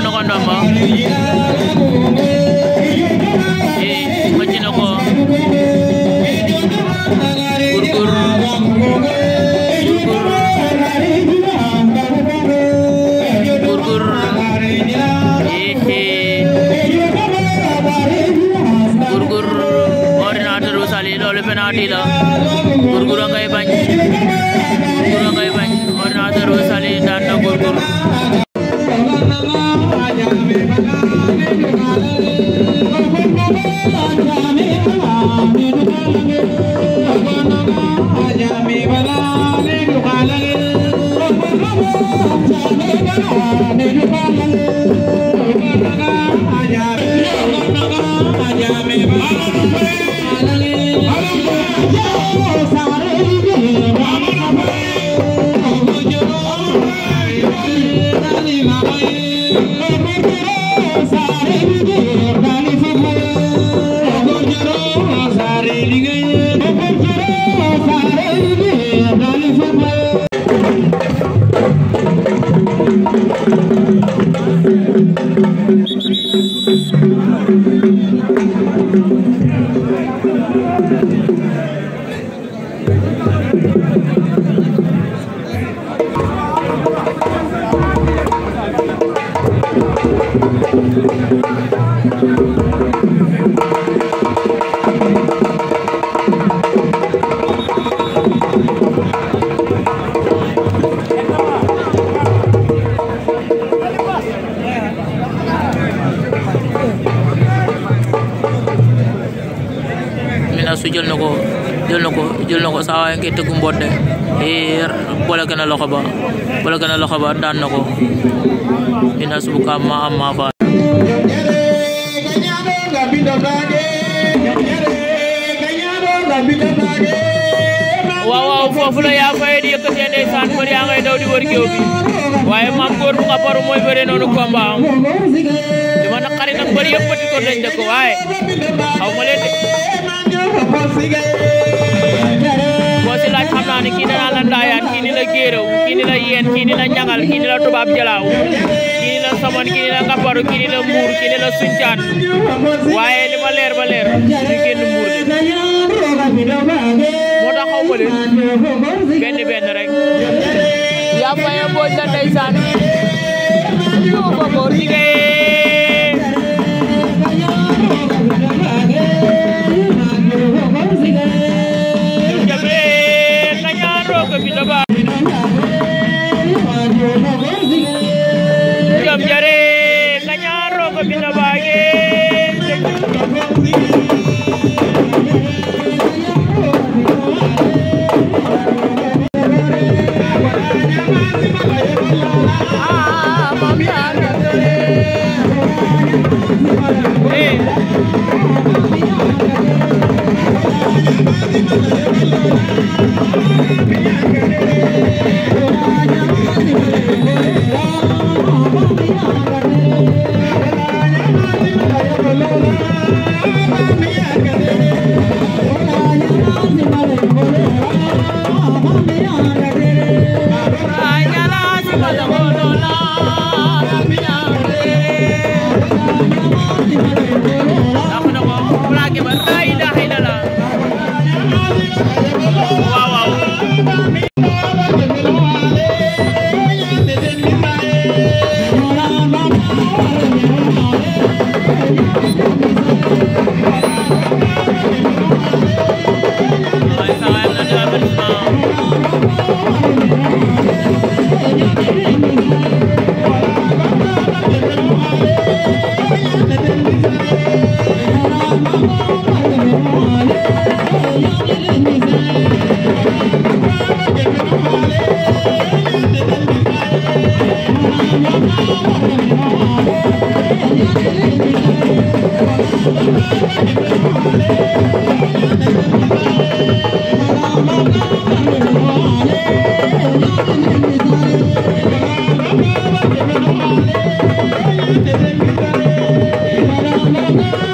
corno to mo? I am a man, I am Thank you. jël na ko saa waaye ngay tëggu mbodde boole gën a loxo ba boole gën a loxo ba daan na ko minas bu ma am fa waaw bi waaye maam góor bu nga mooy bëre noonu ma bëri yëpp rek xam naa ne kii dina la ndaayaan kii la géerew kii la yeen kii ni la ñangal la tubaab jalaaw kii la samon kii la ngaparu kii la mbuur kii la suncaan waaye li ma leer ba leer ñu génn mbuur moo benn rek yaa faye booj la ndeysaan Thank you.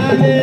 Hallelujah.